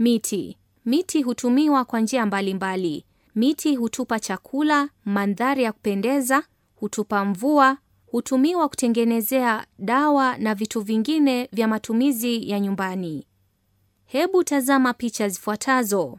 Miti. Miti hutumiwa kwa njia mbalimbali. Miti hutupa chakula, mandhari ya kupendeza, hutupa mvua, hutumiwa kutengenezea dawa na vitu vingine vya matumizi ya nyumbani. Hebu tazama picha zifuatazo.